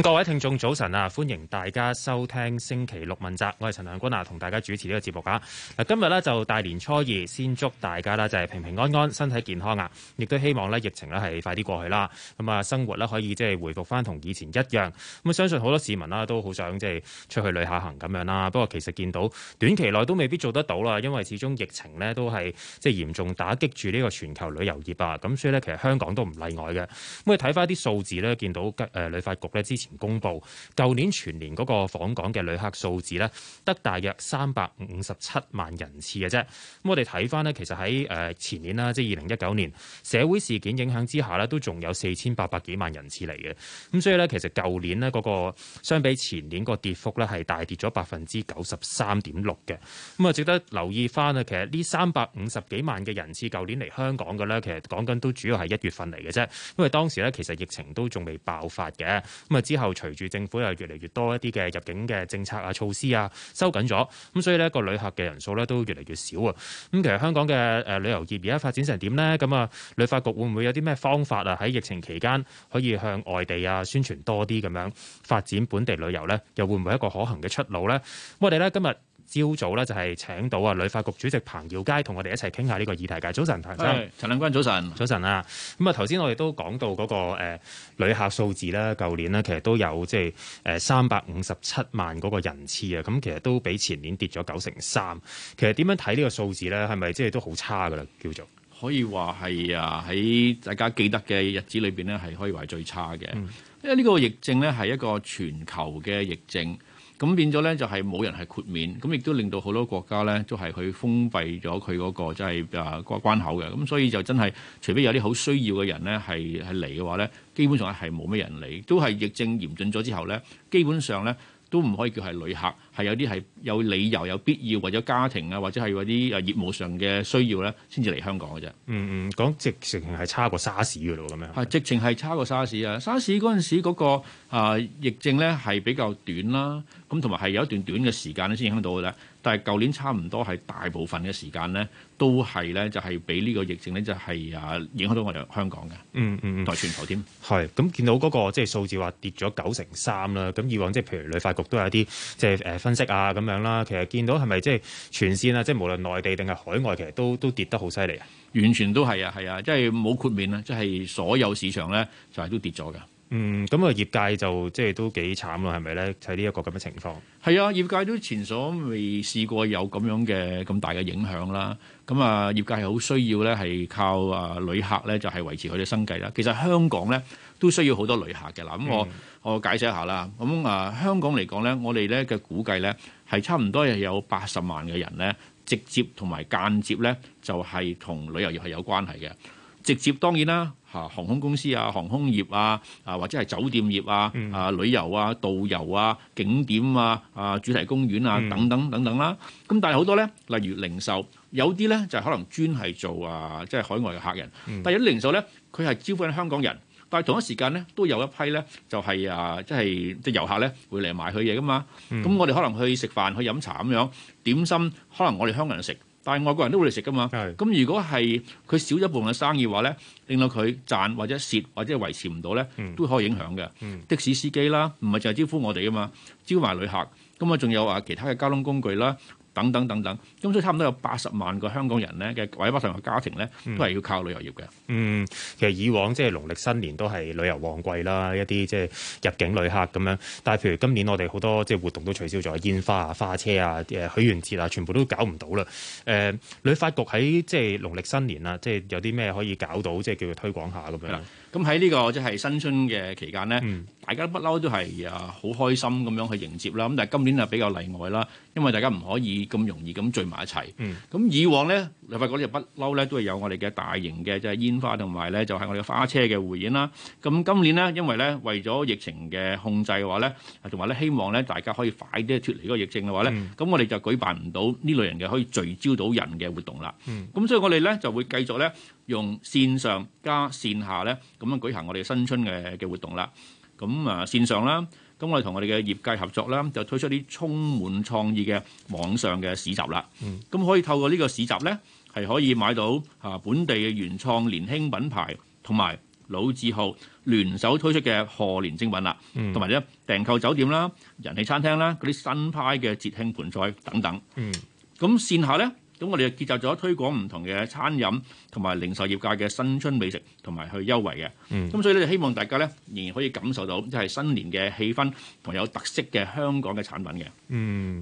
各位聽眾早晨啊，歡迎大家收聽星期六問責，我係陳亮君啊，同大家主持呢個節目嚇。嗱，今日咧就大年初二，先祝大家啦，就係平平安安、身體健康啊！亦都希望咧疫情咧係快啲過去啦。咁啊，生活咧可以即係回復翻同以前一樣，咁啊，相信好多市民啦都好想即係出去旅下行咁樣啦。不過其實見到短期內都未必做得到啦，因為始終疫情咧都係即係嚴重打擊住呢個全球旅遊業啊。咁所以咧，其實香港都唔例外嘅。咁啊睇翻啲數字咧，見到誒旅發局咧之前。公布，舊年全年嗰個訪港嘅旅客數字呢，得大約三百五十七萬人次嘅啫。咁我哋睇翻呢，其實喺誒前年啦，即係二零一九年社會事件影響之下呢，都仲有四千八百幾萬人次嚟嘅。咁所以呢，其實舊年呢、那、嗰個相比前年個跌幅呢，係大跌咗百分之九十三點六嘅。咁啊，值得留意翻啊，其實呢三百五十幾萬嘅人次，舊年嚟香港嘅呢，其實講緊都主要係一月份嚟嘅啫，因為當時呢，其實疫情都仲未爆發嘅。咁啊，之後隨住政府又越嚟越多一啲嘅入境嘅政策啊、措施啊收緊咗，咁所以呢個旅客嘅人數呢，都越嚟越少啊。咁其實香港嘅誒旅遊業而家發展成點呢？咁啊，旅發局會唔會有啲咩方法啊？喺疫情期間可以向外地啊宣傳多啲，咁樣發展本地旅遊呢？又會唔會一個可行嘅出路呢？我哋咧今日。朝早咧就係請到啊旅發局主席彭耀佳同我哋一齊傾下呢個議題嘅。早晨，彭生陳亮君。亮君，早晨。早晨啊！咁啊、那個，頭先我哋都講到嗰個旅客數字咧，舊年呢，其實都有即係誒三百五十七萬嗰個人次啊，咁其實都比前年跌咗九成三。其實點樣睇呢個數字咧，係咪即係都好差㗎啦？叫做可以話係啊喺大家記得嘅日子裏邊咧，係可以話係最差嘅，嗯、因為呢個疫症咧係一個全球嘅疫症。咁變咗咧，就係冇人係豁免，咁亦都令到好多國家咧，都係去封閉咗佢嗰個即係誒關口嘅，咁所以就真係除非有啲好需要嘅人咧，係係嚟嘅話咧，基本上係冇咩人嚟，都係疫症嚴峻咗之後咧，基本上咧。都唔可以叫係旅客，係有啲係有理由、有必要或者家庭啊，或者係有啲誒業務上嘅需要咧，先至嚟香港嘅啫。嗯嗯，講直情係差過沙士嘅咯，咁樣。係直情係差過沙士啊！沙士嗰陣時嗰個啊疫症咧係比較短啦，咁同埋係有一段短嘅時間咧先影響到嘅啦。但係舊年差唔多係大部分嘅時間咧。都係咧，就係俾呢個疫情咧，就係啊影響到我哋香港嘅、嗯，嗯嗯嗯，同全球添。係咁見到嗰個即係數字話跌咗九成三啦。咁以往即係譬如旅發局都有啲即係誒分析啊咁樣啦。其實見到係咪即係全線啊？即係無論內地定係海外，其實都都跌得好犀利啊！完全都係啊，係啊，即係冇豁免啊，即係所有市場咧就係都跌咗嘅。嗯，咁啊，業界就即係都幾慘咯，係咪咧？喺呢一個咁嘅情況，係啊，業界都前所未有試過有咁樣嘅咁大嘅影響啦。咁、嗯、啊，業界係好需要咧，係靠啊旅客咧，就係維持佢哋生計啦。其實香港咧都需要好多旅客嘅啦。咁我、嗯、我解釋一下啦。咁、嗯、啊，香港嚟講咧，我哋咧嘅估計咧係差唔多係有八十萬嘅人咧，直接同埋間接咧就係同旅遊業係有關係嘅。直接當然啦。嚇航空公司啊、航空業啊、啊或者係酒店業啊、嗯、啊旅遊啊、導遊啊、景點啊、啊主題公園啊等等等等啦。咁但係好多咧，例如零售，有啲咧就係、是、可能專係做啊，即、就、係、是、海外嘅客人。嗯、但係有啲零售咧，佢係招呼緊香港人。但係同一時間咧，都有一批咧，就係、是、啊，即係即係遊客咧會嚟買佢嘢㗎嘛。咁、嗯、我哋可能去食飯、去飲茶咁樣點心，可能我哋香港人食。但係外國人都會嚟食噶嘛，咁是如果係佢少一部分嘅生意嘅話咧，令到佢賺或者蝕或者維持唔到咧，都可以影響嘅。嗯嗯、的士司機啦，唔係淨係招呼我哋啊嘛，招埋旅客，咁啊仲有啊其他嘅交通工具啦。等等等等，咁所以差唔多有八十萬個香港人咧嘅委屈上嘅家庭咧，都係要靠旅遊業嘅。嗯，其實以往即係農曆新年都係旅遊旺季啦，一啲即係入境旅客咁樣。但係譬如今年我哋好多即係活動都取消咗，煙花啊、花車啊、誒許願節啊，全部都搞唔到啦。誒、呃，旅發局喺即係農曆新年啊，即係有啲咩可以搞到，即係叫佢推廣下咁樣？咁喺呢個即係新春嘅期間咧，嗯、大家不嬲都係啊好開心咁樣去迎接啦。咁但係今年就比較例外啦，因為大家唔可以咁容易咁聚埋一齊。咁、嗯、以往咧，你發覺咧就不嬲咧，都係有我哋嘅大型嘅即係煙花同埋咧，就係我哋嘅花車嘅匯演啦。咁今年呢，因為咧為咗疫情嘅控制嘅話咧，同埋咧希望咧大家可以快啲脫離嗰個疫症嘅話咧，咁、嗯、我哋就舉辦唔到呢類型嘅可以聚焦到人嘅活動啦。咁、嗯、所以我哋咧就會繼續咧。用線上加線下呢，咁樣舉行我哋新春嘅嘅活動啦。咁啊線上啦，咁我哋同我哋嘅業界合作啦，就推出啲充滿創意嘅網上嘅市集啦。咁、嗯、可以透過呢個市集呢，係可以買到啊本地嘅原創年輕品牌同埋老字號聯手推出嘅賀年精品啦，同埋呢訂購酒店啦、人氣餐廳啦、嗰啲新派嘅節慶盤菜等等。咁、嗯、線下呢。咁我哋就結集咗推廣唔同嘅餐飲同埋零售業界嘅新春美食同埋去優惠嘅，咁所以咧就希望大家咧仍然可以感受到即係新年嘅氣氛同有特色嘅香港嘅產品嘅。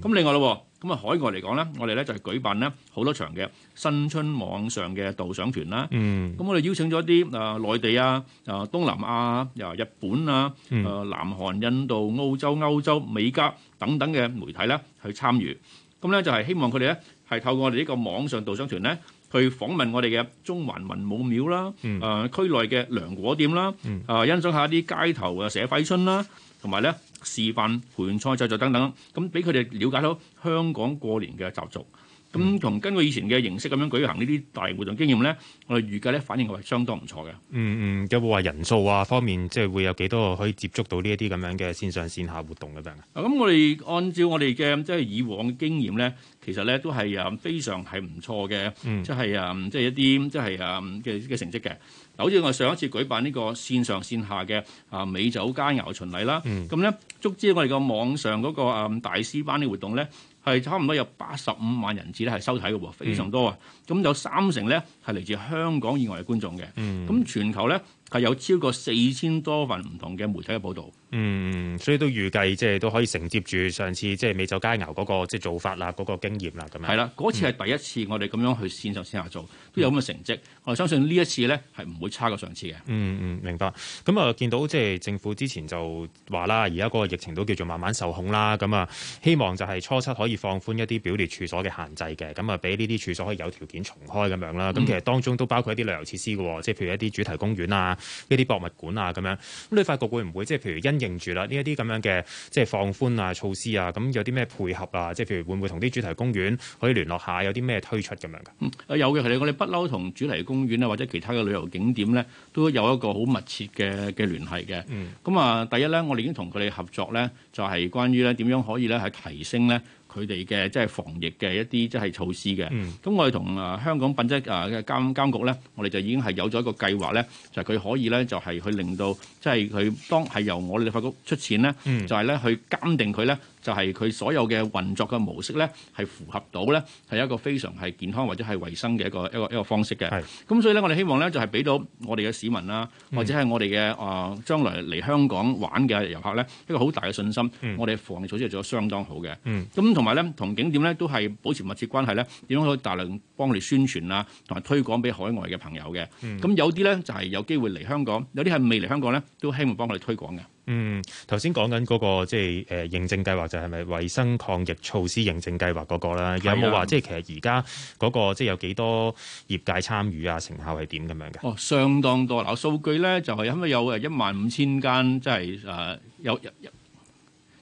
咁另外咯，咁啊海外嚟講咧，我哋咧就係舉辦咧好多場嘅新春網上嘅導賞團啦。咁我哋邀請咗一啲啊內地啊、啊東南亞、啊日本啊、啊南韓、印度、澳洲、歐洲、美加等等嘅媒體咧去參與。咁咧就係希望佢哋咧係透過我哋呢個網上導賞團咧，去訪問我哋嘅中環文武廟啦，誒區內嘅涼果店啦，誒欣賞下啲街頭嘅寫揮春啦，同埋咧示範盆菜製作等等，咁俾佢哋瞭解到香港過年嘅習俗。咁同根據以前嘅形式咁樣舉行呢啲大型活動經驗咧，我哋預計咧反應係相當唔錯嘅。嗯嗯，有冇話人數啊方面，即係會有幾多可以接觸到呢一啲咁樣嘅線上線下活動咁樣啊？咁、嗯、我哋按照我哋嘅即係以往嘅經驗咧，其實咧都係啊非常係唔錯嘅，嗯、即係啊即係一啲即係啊嘅嘅成績嘅。嗱，好似我哋上一次舉辦呢個線上線下嘅啊美酒佳餚巡禮啦，咁咧足之我哋嘅網上嗰個啊大師班啲活動咧。係差唔多有八十五萬人次咧係收睇嘅，非常多啊！咁、嗯、有三成咧係嚟自香港以外嘅觀眾嘅，咁、嗯、全球咧。係有超過四千多份唔同嘅媒體嘅報道。嗯，所以都預計即係都可以承接住上次即係美酒佳餚嗰個即係做法啦，嗰、那個經驗啦，咁樣。係啦，嗰次係第一次我哋咁樣去線上線下做，嗯、都有咁嘅成績。我哋相信呢一次咧係唔會差過上次嘅。嗯嗯，明白。咁啊，見到即係政府之前就話啦，而家嗰個疫情都叫做慢慢受控啦。咁啊，希望就係初七可以放寬一啲表列處所嘅限制嘅。咁啊，俾呢啲處所可以有條件重開咁樣啦。咁其實當中都包括一啲旅遊設施嘅喎，即係譬如一啲主題公園啊。呢啲博物館啊，咁樣咁，旅發局會唔會即係譬如因應住啦呢一啲咁樣嘅即係放寬啊措施啊，咁有啲咩配合啊？即係譬如會唔會同啲主題公園可以聯絡下，有啲咩推出咁樣嘅？嗯，有嘅係我哋不嬲同主題公園啊，或者其他嘅旅遊景點咧，都有一個好密切嘅嘅聯繫嘅。嗯，咁啊，第一咧，我哋已經同佢哋合作咧，就係關於咧點樣可以咧係提升咧。佢哋嘅即係防疫嘅一啲即係措施嘅，咁、嗯、我哋同啊香港品質啊嘅監監，監局咧，我哋就已經係有咗一個計劃咧，就係、是、佢可以咧就係、是、去令到即係佢當係由我哋立法局出錢咧，嗯、就係咧去鑑定佢咧。就係佢所有嘅運作嘅模式咧，係符合到咧，係一個非常係健康或者係衞生嘅一個一個一個方式嘅。係是。咁所以咧，我哋希望咧，就係、是、俾到我哋嘅市民啦、啊，或者係我哋嘅誒將來嚟香港玩嘅遊客咧，一個好大嘅信心。嗯、我哋防疫措施係做得相當好嘅。咁同埋咧，同景點咧都係保持密切關係咧，點樣可以大量幫我哋宣傳啦、啊，同埋推廣俾海外嘅朋友嘅。咁、嗯、有啲咧就係、是、有機會嚟香港，有啲係未嚟香港咧，都希望幫我哋推廣嘅。嗯，頭先講緊嗰個即係誒、呃、認證計劃，就係咪衞生抗疫措施認證計劃嗰個咧？啊、有冇話即係其實而家嗰個即係有幾多業界參與啊？成效係點咁樣嘅？哦，相當多嗱，數據咧就係因為有誒一萬五千間即係誒有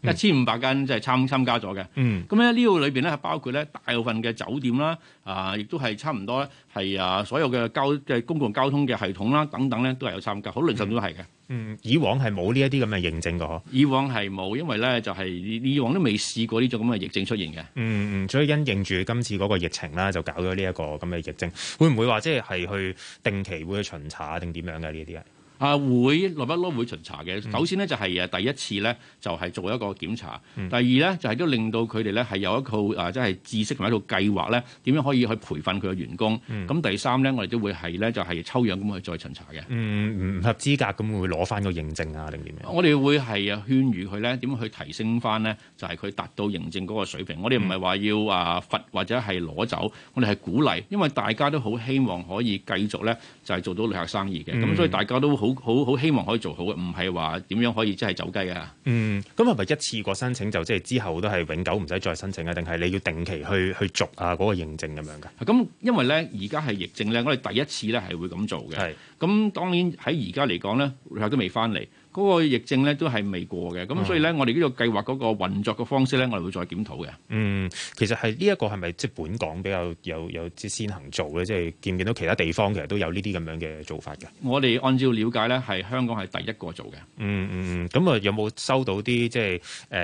一千五百間即係參、嗯、參加咗嘅。嗯，咁咧呢個裏邊咧包括咧大部分嘅酒店啦，啊、呃，亦都係差唔多係啊，所有嘅交即係公共交通嘅系統啦等等咧都係有參加，好零散都係嘅。嗯，以往係冇呢一啲咁嘅認證嘅㗎。以往係冇，因為咧就係以往都未試過呢種咁嘅疫症出現嘅。嗯嗯，所以因應住今次嗰個疫情啦，就搞咗呢一個咁嘅疫症。會唔會話即係係去定期會去巡查定點樣嘅呢啲啊？啊會落不落會巡查嘅，首先咧就係、是、誒第一次咧就係、是、做一個檢查，嗯、第二咧就係、是、都令到佢哋咧係有一套啊即係、就是、知識同埋一套計劃咧，點樣可以去培訓佢嘅員工。咁、嗯、第三咧我哋都會係咧就係、是、抽樣咁去再巡查嘅。嗯，唔合資格咁會攞翻個認證啊定點樣？我哋會係啊勸喻佢咧點樣去提升翻咧，就係佢達到認證個水平。我哋唔係話要啊罰或者係攞走，我哋係鼓勵，因為大家都好希望可以繼續咧就係做到旅客生意嘅。咁所以大家都好好好，好好希望可以做好嘅，唔係話點樣可以即係走雞啊？嗯，咁係咪一次過申請就即係之後都係永久唔使再申請啊？定係你要定期去去續啊嗰個認證咁樣噶？咁、嗯、因為咧而家係疫症咧，我哋第一次咧係會咁做嘅。係是，咁、嗯、當然喺而家嚟講咧，佢都未翻嚟。嗰個疫症咧都係未過嘅，咁、嗯、所以咧，我哋呢個計劃嗰個運作嘅方式咧，我哋會再檢討嘅。嗯，其實係呢一個係咪即係本港比較有有即先行做嘅？即、就、係、是、見唔見到其他地方其實都有呢啲咁樣嘅做法嘅？我哋按照了解咧，係香港係第一個做嘅、嗯。嗯嗯咁，啊，有冇收到啲即係誒，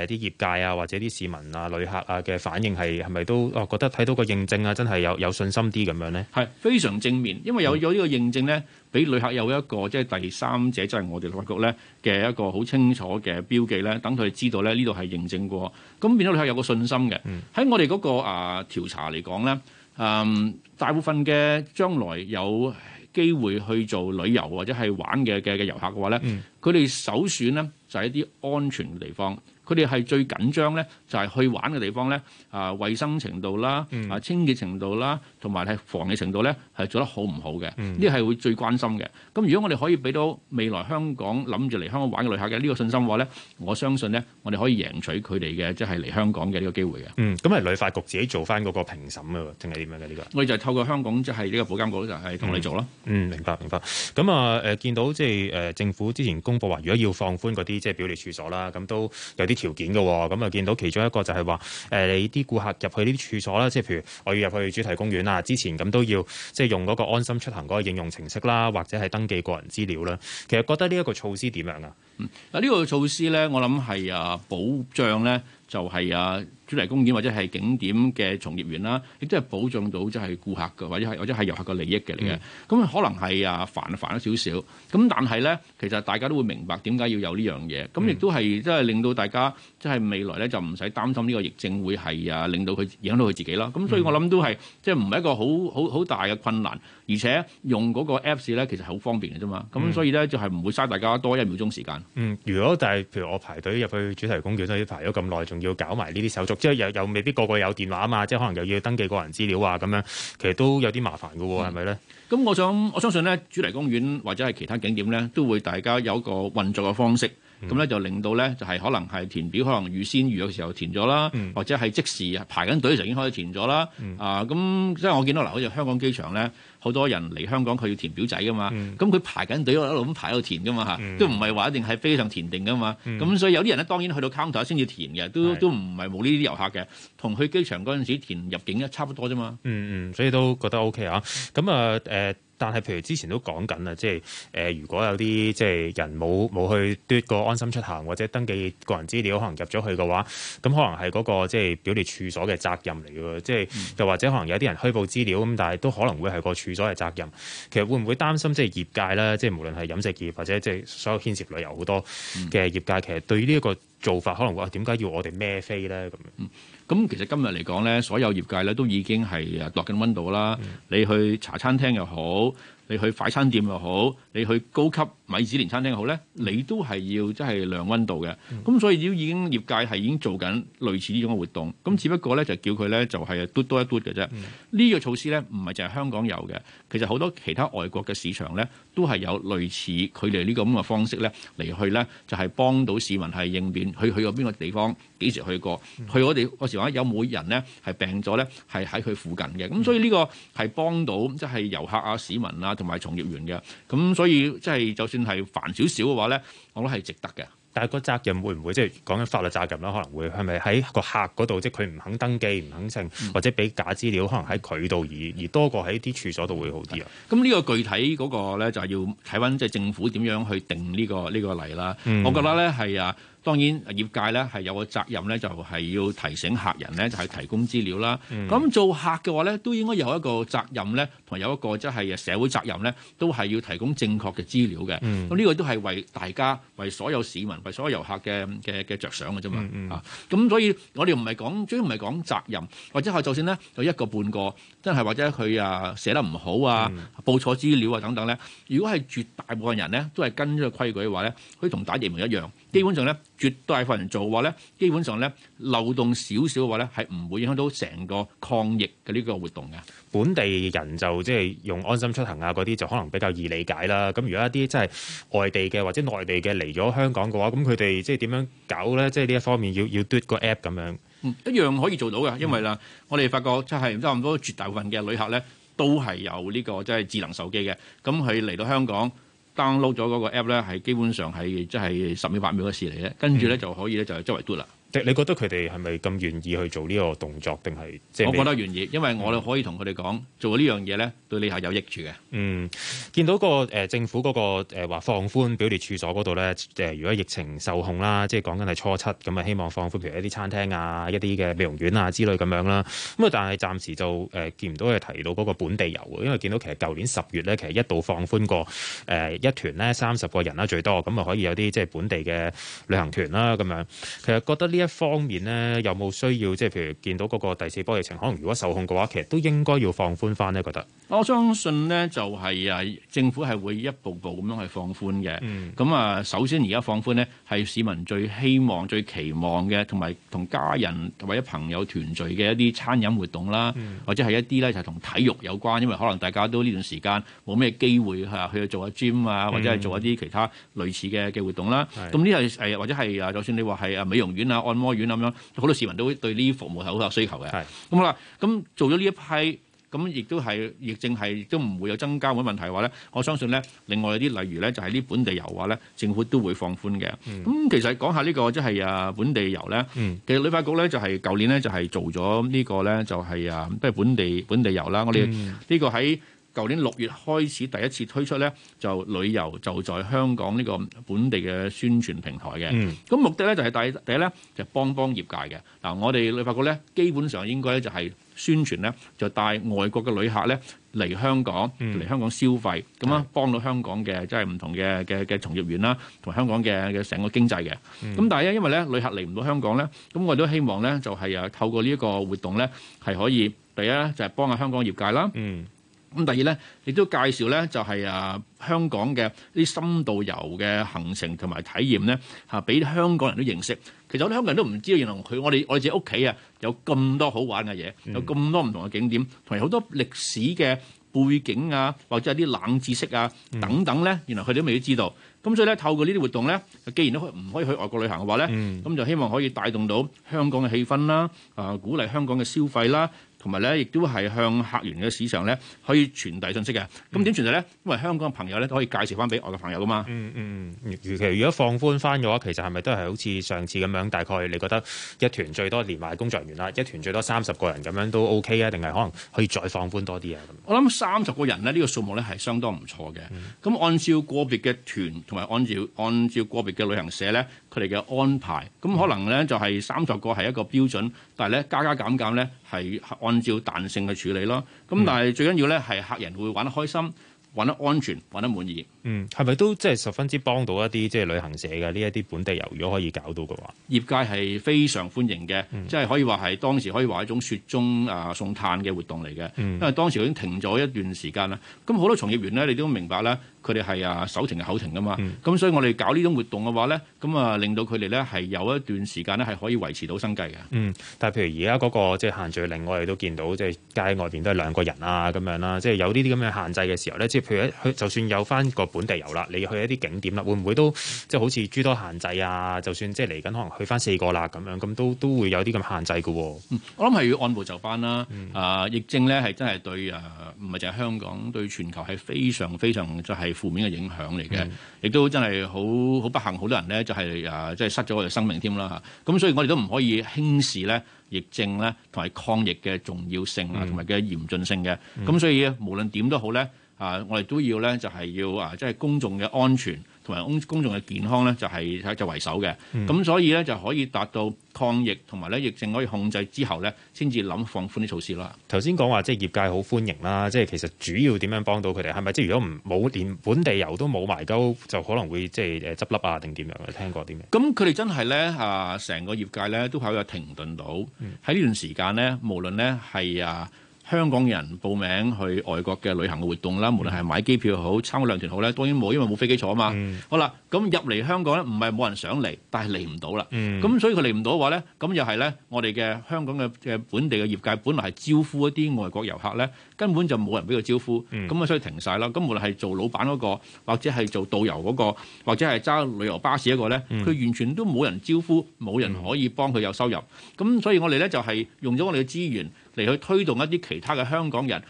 啲業界啊、或者啲市民啊、旅客啊嘅反應係，係咪都啊覺得睇到個認證啊，真係有有信心啲咁樣咧？係非常正面，因為有咗呢個認證咧。嗯俾旅客有一個即係第三者，即係我哋旅遊局咧嘅一個好清楚嘅標記咧，等佢哋知道咧呢度係認證過，咁變咗旅客有個信心嘅。喺我哋嗰個啊調查嚟講咧，嗯，大部分嘅將來有機會去做旅遊或者係玩嘅嘅嘅遊客嘅話咧，佢哋、嗯、首選咧就係一啲安全嘅地方，佢哋係最緊張咧就係去玩嘅地方咧啊，衞生程度啦，啊、嗯，清潔程度啦，同埋係防疫程度咧。做得好唔好嘅，呢啲係會最關心嘅。咁如果我哋可以俾到未來香港諗住嚟香港玩嘅旅客嘅呢個信心話咧，我相信咧，我哋可以贏取佢哋嘅即係嚟香港嘅呢個機會嘅。嗯，咁係旅發局自己做返嗰個評審啊，定係點樣嘅呢個？我哋就係透過香港即係呢個保監局就係同你做啦、嗯。嗯，明白明白。咁啊誒，見到即係誒政府之前公佈話，如果要放寬嗰啲即係表列處所啦，咁都有啲條件嘅喎。咁啊，見到其中一個就係話誒，你啲顧客入去呢啲處所啦，即係譬如我要入去主題公園啊，之前咁都要即係，用嗰個安心出行嗰個應用程式啦，或者係登記個人資料啦。其實覺得呢一個措施點樣啊？嗱、嗯，呢個措施咧，我諗係啊保障咧，就係啊。主題公園或者係景點嘅從業員啦，亦都係保障到即係顧客嘅，或者係或者係遊客嘅利益嘅嚟嘅。咁、嗯、可能係啊煩啊煩咗少少，咁但係咧，其實大家都會明白點解要有呢樣嘢，咁亦、嗯、都係即係令到大家即係未來咧就唔使擔心呢個疫症會係啊令到佢影響到佢自己啦。咁、嗯、所以我諗都係即係唔係一個好好好大嘅困難，而且用嗰個 Apps 咧其實係好方便嘅啫嘛。咁、嗯、所以咧就係唔會嘥大家多一秒鐘時間。嗯，如果但係譬如我排隊入去主題公園都排咗咁耐，仲要搞埋呢啲手續。即係又又未必個個有電話啊嘛，即係可能又要登記個人資料啊咁樣，其實都有啲麻煩㗎喎，係咪咧？咁我想我相信咧，主題公園或者係其他景點咧，都會大家有個運作嘅方式，咁咧、嗯、就令到咧就係、是、可能係填表，可能預先預約嘅時候填咗啦，嗯、或者係即時排緊隊嘅時候已經開始填咗啦。啊、嗯，咁即係我見到嗱，好、那、似、個、香港機場咧。好多人嚟香港，佢要填表仔噶嘛，咁佢、嗯、排緊隊，一路咁排喺度填噶嘛嚇，嗯、都唔係話一定係非常填定噶嘛，咁、嗯、所以有啲人咧，當然去到 counter 先至填嘅，都是都唔係冇呢啲遊客嘅，同去機場嗰陣時填入境一差不多啫嘛。嗯嗯，所以都覺得 OK 啊，咁啊誒。Uh, uh, 但係，譬如之前都講緊啦，即係誒、呃，如果有啲即係人冇冇去嘟個安心出行或者登記個人資料，可能入咗去嘅話，咁可能係嗰、那個即係表列處所嘅責任嚟嘅，即係又、嗯、或者可能有啲人虛報資料，咁但係都可能會係個處所嘅責任。其實會唔會擔心即係業界啦，即係無論係飲食業或者即係所有牽涉旅遊好多嘅業界，其實對於呢一、這個做法可能話點解要我哋孭飛咧咁樣？咁、嗯、其實今日嚟講咧，所有業界咧都已經係落緊溫度啦。嗯、你去茶餐廳又好，你去快餐店又好，你去高級米芝蓮餐廳又好咧，你都係要即係量溫度嘅。咁、嗯、所以都已經業界係已經做緊類似呢種嘅活動。咁、嗯、只不過咧就叫佢咧就係嘟多一嘟嘅啫。呢個、嗯、措施咧唔係淨係香港有嘅。其實好多其他外國嘅市場咧，都係有類似佢哋呢個咁嘅方式咧嚟去咧，就係幫到市民係應變去去過邊個地方，幾時去過，去我哋嗰時話有冇人咧係病咗咧，係喺佢附近嘅。咁所以呢個係幫到即係遊客啊、市民啊同埋從業員嘅。咁所以即係就算係煩少少嘅話咧，我覺得係值得嘅。但係個責任會唔會即係講緊法律責任啦？可能會係咪喺個客嗰度，即係佢唔肯登記、唔肯證，或者俾假資料，可能喺佢度而而多過喺啲處所度會好啲啊？咁呢、嗯、個具體嗰個咧就係、係、要睇返即係政府點樣去定呢、呢個呢、呢個例啦。我覺得咧係啊。當然業界咧係有個責任咧，就係、是、要提醒客人咧，就係、是、提供資料啦。咁、嗯、做客嘅話咧，都應該有一個責任咧，同有一個即係社會責任咧，都係要提供正確嘅資料嘅。咁呢、嗯、個都係為大家、為所有市民、為所有遊客嘅嘅嘅着想嘅啫嘛。嗯嗯、啊，咁所以我哋唔係講，主要唔係講責任，或者係就算咧有一個半個，真係或者佢啊寫得唔好啊、嗯、報錯資料啊等等咧。如果係絕大部分人咧都係跟呢個規矩嘅話咧，佢同打疫苗一樣，基本上咧本。絕大部分人做嘅話咧，基本上咧漏洞少少嘅話咧，係唔會影響到成個抗疫嘅呢個活動嘅。本地人就即係用安心出行啊嗰啲，就可能比較易理解啦。咁如果一啲即係外地嘅或者內地嘅嚟咗香港嘅話，咁佢哋即係點樣搞咧？即係呢一方面要要嘟個 app 咁樣，嗯、一樣可以做到嘅，因為啦，嗯、我哋發覺即係差唔多絕大部分嘅旅客咧，都係有呢個即係智能手機嘅，咁佢嚟到香港，download 咗個 app 咧，係基本上係即係十秒八秒嘅事嚟咧，跟住咧就可以咧就周圍嘟啦。你覺得佢哋係咪咁願意去做呢個動作，定係即係？我覺得願意，因為我哋可以同佢哋講，做呢樣嘢咧對你係有益處嘅。嗯，見到個誒、呃、政府嗰、嗰個誒話、呃、放寬，表列處所嗰度咧誒，如果疫情受控啦，即係講緊係初七，咁啊希望放寬譬如一啲餐廳啊、一啲嘅美容院啊之類咁樣啦。咁啊，但係暫時就誒、呃、見唔到佢提到嗰個本地遊，因為見到其實舊年十月咧，其實一度放寬過誒、呃、一團咧三十個人啦最多，咁啊可以有啲即係本地嘅旅行團啦咁樣。其實覺得呢。一方面咧，有冇需要，即係譬如見到個第四波疫情，可能如果受控嘅話，其實都應該要放寬翻呢，覺得。我相信咧就係啊，政府係會一步步咁樣去放寬嘅。咁啊、嗯，首先而家放寬咧，係市民最希望、最期望嘅，同埋同家人或者朋友團聚嘅一啲餐飲活動啦，嗯、或者係一啲咧就係同體育有關，因為可能大家都呢段時間冇咩機會嚇去去做下 gym 啊，或者係做一啲其他類似嘅嘅活動啦。咁呢個係誒，或者係啊，就算你話係啊美容院啊、按摩院咁樣，好多市民都對呢啲服務好有需求嘅。咁啊、嗯，好啦，咁做咗呢一批。咁亦都係，亦正係亦都唔會有增加咁嘅問題話咧。我相信咧，另外有啲例如咧，就係、是、呢本地遊話咧，政府都會放寬嘅。咁、嗯、其實講下呢、這個即係啊本地遊咧，嗯、其實旅發局咧就係、是、舊年咧就係做咗呢個咧就係啊即係本地本地遊啦。我哋呢、嗯、個喺舊年六月開始第一次推出咧，就旅遊就在香港呢個本地嘅宣傳平台嘅。咁、嗯、目的咧就係、是、第第一咧就幫、是、幫業界嘅嗱。我哋旅發局咧基本上應該咧就係、是。宣傳咧就帶外國嘅旅客咧嚟香港嚟、嗯、香港消費，咁啊幫到香港嘅即係唔同嘅嘅嘅從業員啦，同香港嘅嘅成個經濟嘅。咁、嗯、但係咧，因為咧旅客嚟唔到香港咧，咁我哋都希望咧就係、是、啊透過呢一個活動咧係可以第一咧就係、是、幫下香港業界啦。嗯咁第二咧，亦都介紹咧，就係啊香港嘅啲深度遊嘅行程同埋體驗咧，嚇俾香港人都認識。其實我哋香港人都唔知道，原來佢我哋我哋屋企啊有咁多好玩嘅嘢，有咁多唔同嘅景點，同埋好多歷史嘅背景啊，或者係啲冷知識啊等等咧，原來佢哋都未必知道。咁所以咧，透過呢啲活動咧，既然都唔可以去外國旅行嘅話咧，咁就希望可以帶動到香港嘅氣氛啦，啊鼓勵香港嘅消費啦。同埋咧，亦都係向客源嘅市場咧，可以傳遞信息嘅。咁點傳遞咧？因為香港嘅朋友咧，都可以介紹翻俾外國嘅朋友噶嘛。嗯嗯。尤、嗯、其如果放寬翻嘅話，其實係咪都係好似上次咁樣？大概你覺得一團最多連埋工作人員啦，一團最多三十個人咁樣都 O K 啊？定係可能可以再放寬多啲啊？咁我諗三十個人呢，這個、數呢個數目咧係相當唔錯嘅。咁、嗯、按照個別嘅團同埋按照按照個別嘅旅行社咧，佢哋嘅安排咁可能咧就係三十個係一個標準，但係咧加加減減咧。係按照彈性去處理咯，咁但係最緊要呢，係客人會玩得開心、玩得安全、玩得滿意。嗯，係咪都即係十分之幫到一啲即係旅行社嘅呢一啲本地遊？如果可以搞到嘅話，業界係非常歡迎嘅，嗯、即係可以話係當時可以話一種雪中啊送炭嘅活動嚟嘅。嗯、因為當時佢已經停咗一段時間啦，咁好多從業員呢，你都明白啦。佢哋係啊手停嘅口停噶嘛，咁、嗯、所以我哋搞呢種活動嘅話咧，咁啊令到佢哋咧係有一段時間咧係可以維持到生計嘅。嗯，但係譬如而家嗰個即係、就是、限聚令，我哋都見到即係、就是、街外邊都係兩個人啊咁樣啦，即、就、係、是、有呢啲咁嘅限制嘅時候咧，即係譬如去就算有翻個本地遊啦，你去一啲景點啦，會唔會都即係好似諸多限制啊？就算即係嚟緊可能去翻四個啦咁樣，咁都都會有啲咁限制嘅喎、啊嗯。我諗係要按部就班啦、啊。嗯、啊，疫症咧係真係對誒，唔係淨係香港對全球係非常非常就係、是、負面嘅影響嚟嘅，亦、嗯、都真係好好不幸，好多人咧就係、是、啊，即、就、係、是、失咗我哋生命添啦嚇。咁、啊、所以我哋都唔可以輕視咧疫症咧同埋抗疫嘅重要性啊，同埋嘅嚴峻性嘅。咁、嗯、所以無論點都好咧啊，我哋都要咧就係、是、要啊，即、就、係、是、公眾嘅安全。同埋公公眾嘅健康咧，就係就為首嘅。咁、嗯、所以咧，就可以達到抗疫同埋咧疫情可以控制之後咧，先至諗放寬啲措施啦。頭先講話即係業界好歡迎啦，即係其實主要點樣幫到佢哋？係咪即係如果唔冇連本地遊都冇埋鳩，就可能會即係誒執笠啊定點樣？聽過啲咩？咁佢哋真係咧啊！成個業界咧都喺度停頓到喺呢、嗯、段時間咧，無論咧係啊。香港人報名去外國嘅旅行嘅活動啦，無論係買機票又好，參加兩團好咧，當然冇，因為冇飛機坐啊嘛。嗯、好啦，咁入嚟香港咧，唔係冇人想嚟，但係嚟唔到啦。咁、嗯、所以佢嚟唔到嘅話咧，咁又係咧，我哋嘅香港嘅嘅本地嘅業界本來係招呼一啲外國遊客咧。根本就冇人俾佢招呼，咁啊、嗯、所以停晒啦。咁無論係做老闆嗰、嗰個，或者係做導遊嗰、嗰個，或者係揸旅遊巴士一、嗰個咧，佢、嗯、完全都冇人招呼，冇人可以幫佢有收入。咁、嗯、所以我哋咧就係用咗我哋嘅資源嚟去推動一啲其他嘅香港人。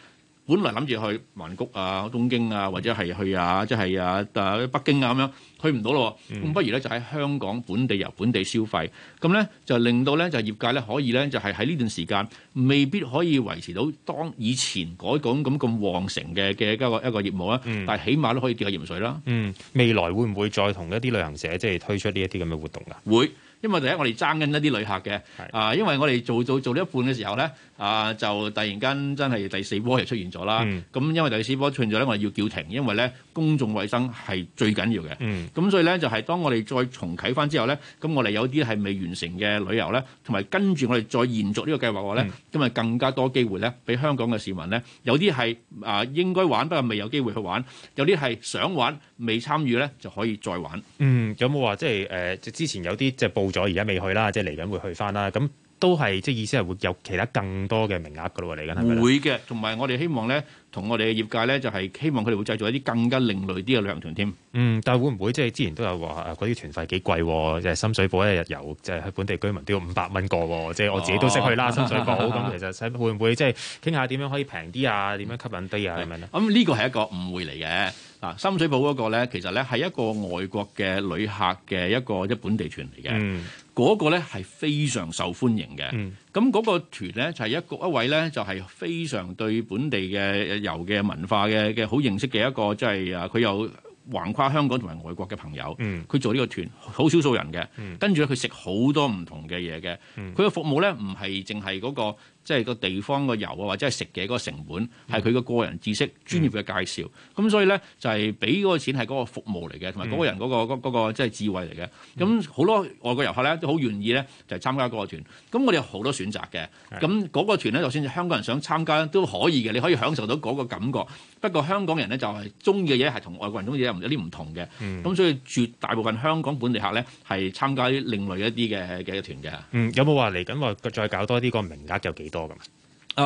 本來諗住去曼谷啊、東京啊，或者係去啊，即係啊，啊北京啊咁樣，去唔到咯。咁、嗯、不如咧就喺香港本地由本地消費。咁咧就令到咧就業界咧可以咧就係喺呢段時間未必可以維持到當以前嗰種咁咁旺盛嘅嘅一個一個業務啦。嗯、但係起碼都可以跌下鹽水啦。嗯，未來會唔會再同一啲旅行社即係推出呢一啲咁嘅活動噶？會。因為第一我哋爭緊一啲旅客嘅，啊、呃，因為我哋做做做呢一半嘅時候呢，啊、呃，就突然間真係第四波又出現咗啦。咁、嗯、因為第四波出現咗呢，我哋要叫停，因為呢，公眾衞生係最緊要嘅。咁、嗯、所以呢，就係、是、當我哋再重啟翻之後呢，咁、嗯、我哋有啲係未完成嘅旅遊呢，同埋跟住我哋再延續呢個計劃嘅話呢，咁啊、嗯、更加多機會呢，俾香港嘅市民呢，有啲係啊應該玩不過未有機會去玩，有啲係想玩未參與呢，就可以再玩。嗯，有冇話即係誒？之前有啲即係咗而家未去啦，即係嚟緊會去翻啦。咁都係即係意思係會有其他更多嘅名額噶咯，嚟緊係咪？是是會嘅，同埋我哋希望咧。同我哋嘅業界咧，就係、是、希望佢哋會製造一啲更加另類啲嘅旅行團添。嗯，但係會唔會即係之前都有話嗰啲團費幾貴？即係深水埗一日遊，即係喺本地居民都要五百蚊個。啊、即係我自己都識去啦，深水埗好咁，啊嗯、其實使會唔會即係傾下點樣可以平啲啊？點樣吸引啲啊？咁樣咧。咁呢個係一個誤會嚟嘅。嗱，深水埗嗰個咧，其實咧係一個外國嘅旅客嘅一個即、就是、本地團嚟嘅。嗯嗰個呢係非常受歡迎嘅，咁嗰個團呢就係一個一位呢，就係非常對本地嘅遊嘅文化嘅嘅好認識嘅一個，即係啊佢有橫跨香港同埋外國嘅朋友，佢做呢個團好少數人嘅，跟住呢佢食好多唔同嘅嘢嘅，佢嘅服務呢，唔係淨係嗰個。即係個地方個油啊，或者係食嘅嗰個成本，係佢個個人知識專業嘅介紹。咁、嗯、所以咧就係俾嗰個錢係嗰個服務嚟嘅，同埋嗰個人嗰、嗰個即係智慧嚟嘅。咁好、嗯、多外國遊客咧都好願意咧就係、參加嗰個團。咁我哋有好多選擇嘅。咁嗰是個團咧，就算香港人想參加都可以嘅，你可以享受到嗰個感覺。不過香港人咧就係中意嘅嘢係同外國人中意嘅有有啲唔同嘅。咁、嗯、所以絕大部分香港本地客咧係參加啲另類一啲嘅嘅團嘅、嗯。有冇話嚟緊話再搞多啲個名額有幾？多噶嘛？誒、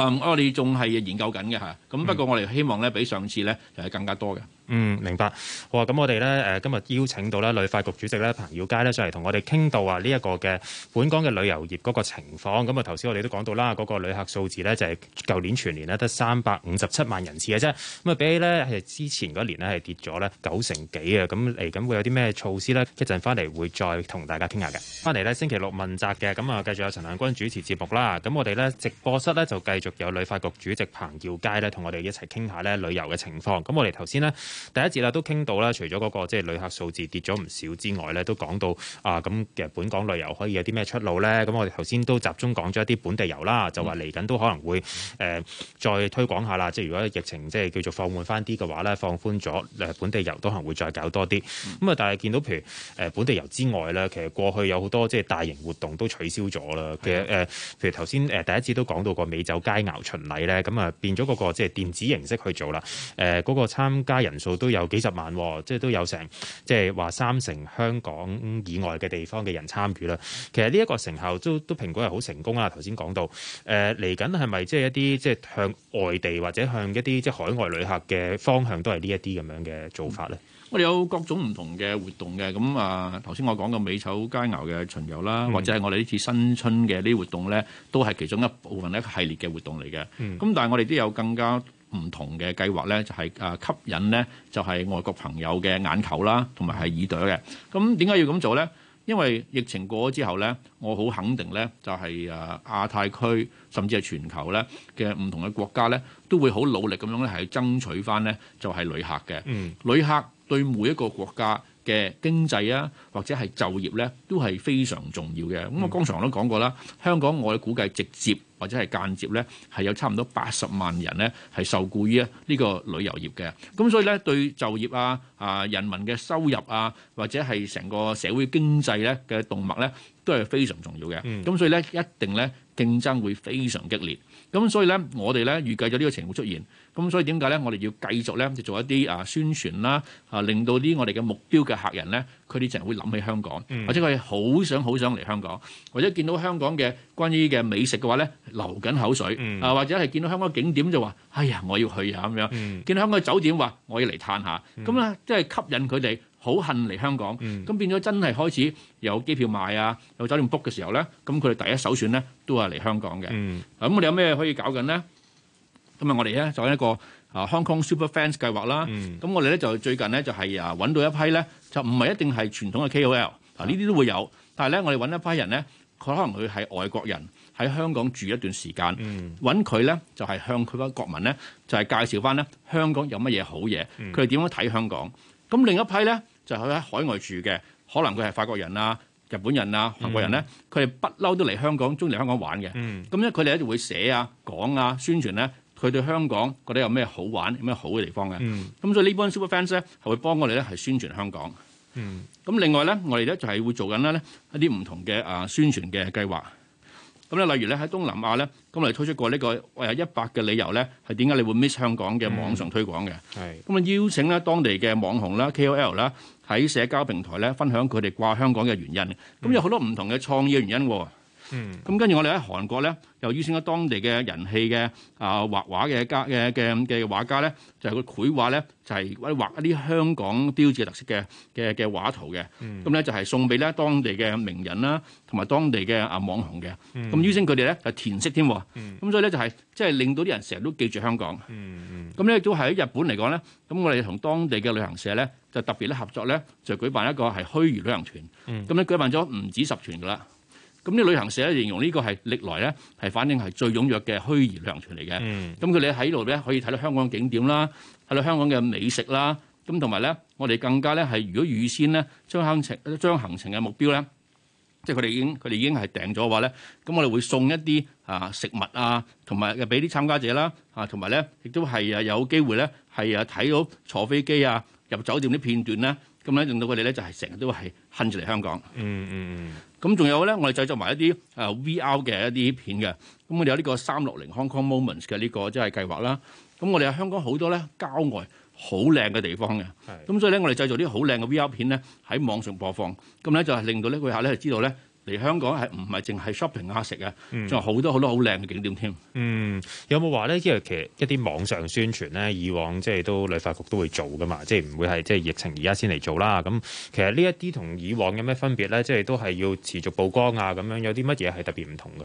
嗯，我哋仲係研究緊嘅吓，咁不過我哋希望咧比上次咧就係更加多嘅。嗯，明白。好啊，咁我哋呢誒今日邀請到呢旅發局主席呢彭耀佳呢，上嚟同我哋傾到啊呢一個嘅本港嘅旅遊業嗰個情況。咁啊頭先我哋都講到啦，嗰個旅客數字呢，就係舊年全年呢得三百五十七萬人次嘅啫。咁啊比起呢係之前嗰年呢，係跌咗呢九成幾啊。咁嚟緊會有啲咩措施呢？一陣翻嚟會再同大家傾下嘅。翻嚟呢星期六問責嘅，咁啊繼續有陳亮君主持節目啦。咁我哋呢，直播室呢，就繼續有旅發局主席彭耀佳呢，同我哋一齊傾下呢旅遊嘅情況。咁我哋頭先呢。第一節啦，都傾到啦。除咗嗰、那個即係旅客數字跌咗唔少之外咧，都講到啊咁嘅本港旅遊可以有啲咩出路咧？咁我哋頭先都集中講咗一啲本地遊啦，嗯、就話嚟緊都可能會誒、呃、再推廣下啦。即係如果疫情即係叫做放緩返啲嘅話咧，放寬咗誒本地遊都可能會再搞多啲。咁啊、嗯，但係見到譬如誒、呃、本地遊之外咧，其實過去有好多即係大型活動都取消咗啦。的其實誒、呃，譬如頭先誒第一節都講到個美酒佳餚巡禮咧，咁、呃、啊變咗嗰、那個即係電子形式去做啦。誒嗰個參加人。做都有幾十萬，即係都有成，即係話三成香港以外嘅地方嘅人參與啦。其實呢一個成效都都評估係好成功啊！頭先講到，誒嚟緊係咪即係一啲即係向外地或者向一啲即係海外旅客嘅方向都係呢一啲咁樣嘅做法咧、嗯？我哋有各種唔同嘅活動嘅，咁啊頭先我講嘅美酒佳餚嘅巡遊啦，或者係我哋呢次新春嘅呢啲活動咧，都係其中一部分一個系列嘅活動嚟嘅。嗯，咁但係我哋都有更加。唔同嘅計劃咧，就係誒吸引咧，就係外國朋友嘅眼球啦，同埋係耳朵嘅。咁點解要咁做咧？因為疫情過咗之後咧，我好肯定咧，就係誒亞太區甚至係全球咧嘅唔同嘅國家咧，都會好努力咁樣咧，係爭取翻咧，就係旅客嘅。嗯，旅客對每一個國家嘅經濟啊，或者係就業咧，都係非常重要嘅。咁我剛才我都講過啦，香港我哋估計直接。或者係間接咧，係有差唔多八十萬人咧，係受雇於呢個旅遊業嘅。咁所以咧，對就業啊啊人民嘅收入啊，或者係成個社會經濟咧嘅動脈咧都係非常重要嘅。咁所以咧，一定咧競爭會非常激烈。咁所以咧，我哋咧預計咗呢個情況出現。咁所以點解咧，我哋要繼續咧就做一啲啊宣傳啦，啊令到啲我哋嘅目標嘅客人咧，佢哋成日會諗起香港，嗯、或者佢好想好想嚟香港，或者見到香港嘅關於嘅美食嘅話咧流緊口水，嗯、啊或者係見到香港嘅景點就話，哎呀，我要去啊咁樣，嗯、見到香港嘅酒店話我要嚟嘆下，咁咧即係吸引佢哋。好恨嚟香港，咁變咗真係開始有機票買啊，有酒店 book 嘅時候咧，咁佢哋第一首選咧都係嚟香港嘅。咁我哋有咩可以搞緊咧？咁啊，我哋咧就一個啊 Hong Kong Super Fans 計劃啦。咁我哋咧就最近咧就係啊揾到一批咧，就唔係一定係傳統嘅 KOL，嗱呢啲都會有，但係咧我哋揾一批人咧，佢可能佢係外國人喺香港住一段時間，揾佢咧就係向佢嘅國民咧就係介紹翻咧香港有乜嘢好嘢，佢哋點樣睇香港。咁另一批咧。就係喺海外住嘅，可能佢係法國人啊、日本人啊、韓國人咧，佢哋不嬲都嚟香港，中意嚟香港玩嘅。咁咧，佢哋咧就會寫啊、講啊、宣傳咧、啊，佢對香港覺得有咩好玩、有咩好嘅地方嘅。咁、mm. 所以呢班 super fans 咧，係會幫我哋咧係宣傳香港。咁、mm. 另外咧，我哋咧就係會做緊咧一啲唔同嘅啊、呃、宣傳嘅計劃。咁咧，例如咧喺東南亞咧，咁我哋推出過呢個誒一百嘅理由咧，係點解你會 miss 香港嘅網上推廣嘅。係咁啊，邀請咧當地嘅網紅啦、KOL 啦，喺社交平台咧分享佢哋掛香港嘅原因。咁有好多唔同嘅創意嘅原因喎。嗯，咁跟住我哋喺韓國咧，又邀請咗當地嘅人氣嘅啊畫畫嘅家嘅嘅嘅畫家咧，就係佢繪畫咧，就係畫一啲香港標誌嘅特色嘅嘅嘅畫圖嘅。咁咧就係送俾咧當地嘅名人啦，同埋當地嘅啊網紅嘅。咁邀請佢哋咧就填色添。咁所以咧就係即係令到啲人成日都記住香港。咁咧亦都喺日本嚟講咧，咁我哋同當地嘅旅行社咧就特別咧合作咧，就舉辦一個係虛擬旅行團。咁咧舉辦咗唔止十團㗎喇。咁啲旅行社咧形容呢個係歷來咧係反應係最踴躍嘅虛擬旅行團嚟嘅。咁佢哋喺度咧可以睇到香港景點啦，睇到香港嘅美食啦。咁同埋咧，我哋更加咧係如果預先咧將行程將行程嘅目標咧，即係佢哋已經佢哋已經係訂咗嘅話咧，咁我哋會送一啲啊食物啊，同埋嘅俾啲參加者啦啊，同埋咧亦都係啊有機會咧係啊睇到坐飛機啊入酒店啲片段啦。咁咧令到佢哋咧就係成日都係恨住嚟香港。嗯嗯嗯。咁仲有咧，我哋製作埋一啲誒 V R 嘅一啲片嘅，咁我哋有呢個三六零 Hong Kong Moments 嘅呢個即係計劃啦。咁我哋喺香港好多咧郊外好靚嘅地方嘅，咁所以咧我哋製作啲好靚嘅 V R 片咧喺網上播放，咁咧就係令到呢旅客咧知道咧。嚟香港係唔係淨係 shopping 啊食啊，仲有好多好多好靚嘅景點添。嗯，有冇話咧？因為其實一啲網上宣傳咧，以往即係都旅發局都會做㗎嘛，即係唔會係即係疫情而家先嚟做啦。咁其實呢一啲同以往有咩分別咧？即係都係要持續曝光啊，咁樣有啲乜嘢係特別唔同嘅。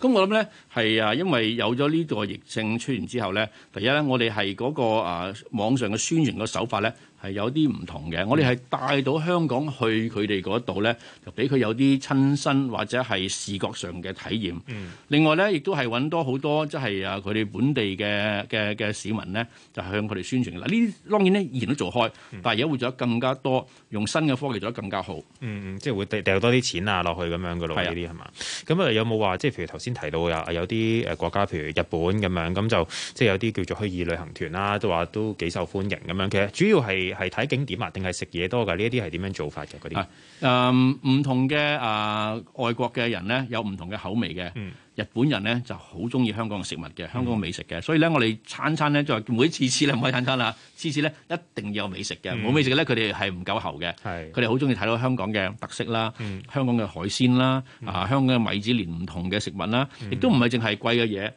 咁，嗯，我諗咧係啊，因為有咗呢個疫症出現之後咧，第一咧我哋係嗰個啊網上嘅宣傳嘅手法咧。係有啲唔同嘅，嗯、我哋係帶到香港去佢哋嗰度咧，就俾佢有啲親身或者係視覺上嘅體驗。嗯、另外咧，亦都係揾多好多即係啊佢哋本地嘅嘅嘅市民咧，就向佢哋宣傳嘅。嗱，呢啲當然咧以前都做開，但係而家會做得更加多，用新嘅科技做得更加好。嗯，即係會掉掉多啲錢啊落去咁樣嘅咯，呢啲係嘛？咁啊有冇話即係譬如頭先提到有有啲誒國家，譬如日本咁樣，咁就即係有啲叫做虛擬旅行團啦，都話都幾受歡迎咁樣。其實主要係。係睇景點啊，定係食嘢多噶？呢一啲係點樣做法嘅？嗰啲啊，呃、唔同嘅啊、呃，外國嘅人咧有唔同嘅口味嘅。嗯、日本人咧就好中意香港嘅食物嘅，香港嘅美食嘅。所以咧，我哋餐餐咧就每次次咧唔可以餐餐啦，次次咧一定要有美食嘅。冇、嗯、美食嘅咧，佢哋係唔夠喉嘅。係佢哋好中意睇到香港嘅特色啦、嗯啊，香港嘅海鮮啦，啊香港嘅米芝蓮唔同嘅食物啦，亦、嗯、都唔係淨係貴嘅